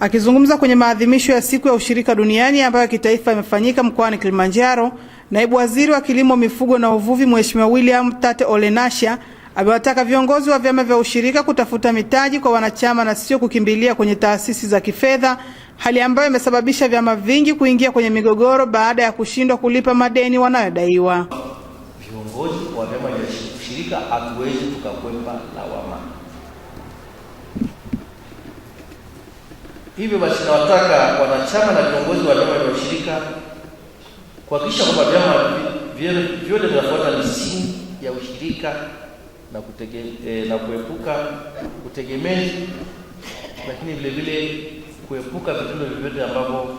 Akizungumza kwenye maadhimisho ya siku ya ushirika duniani ambayo ya kitaifa imefanyika mkoani Kilimanjaro, naibu waziri wa kilimo, mifugo na uvuvi Mheshimiwa William Tate Olenasha amewataka viongozi wa vyama vya ushirika kutafuta mitaji kwa wanachama na sio kukimbilia kwenye taasisi za kifedha, hali ambayo imesababisha vyama vingi kuingia kwenye migogoro baada ya kushindwa kulipa madeni wanayodaiwa. Viongozi wa vyama vya ushirika hatuwezi tukakwepa lawama Hivyo basi nawataka wanachama na viongozi wa vyama vya ushirika kuhakikisha kwamba vyama vyote vinafuata misingi ya ushirika na kutege, eh, na kuepuka utegemezi, lakini vile vile kuepuka vitendo vyovyote ambavyo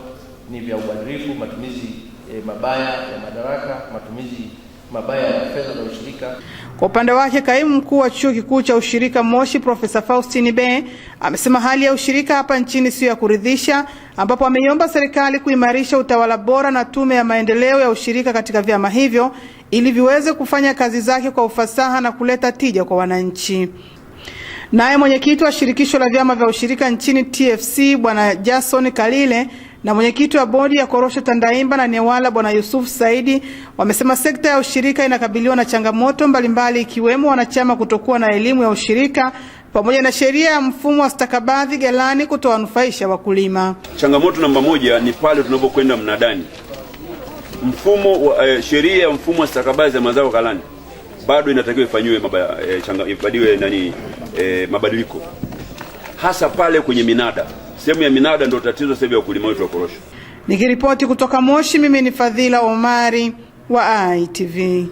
ni vya ubadhirifu, matumizi eh, mabaya ya madaraka, matumizi mabaya ya fedha za ushirika. Kwa upande wake, kaimu mkuu wa chuo kikuu cha ushirika Moshi, Profesa Faustini be amesema hali ya ushirika hapa nchini siyo ya kuridhisha, ambapo ameiomba serikali kuimarisha utawala bora na tume ya maendeleo ya ushirika katika vyama hivyo ili viweze kufanya kazi zake kwa ufasaha na kuleta tija kwa wananchi. Naye mwenyekiti wa shirikisho la vyama vya ushirika nchini TFC Bwana Jason Kalile na mwenyekiti wa bodi ya korosho Tandaimba na Newala Bwana Yusuf Saidi wamesema sekta ya ushirika inakabiliwa na changamoto mbalimbali ikiwemo wanachama kutokuwa na elimu ya ushirika pamoja na sheria ya mfumo wa stakabadhi ghalani kutowanufaisha wakulima. Changamoto namba moja ni pale tunapokwenda mnadani, mfumo wa eh, sheria ya mfumo wa stakabadhi za mazao ghalani bado inatakiwa ifanyiwe maba, eh, nani eh, mabadiliko hasa pale kwenye minada sehemu ya minada ndio tatizo sasa ya ukulima wetu wa korosho. Nikiripoti kutoka Moshi, mimi ni Fadhila Omari wa ITV.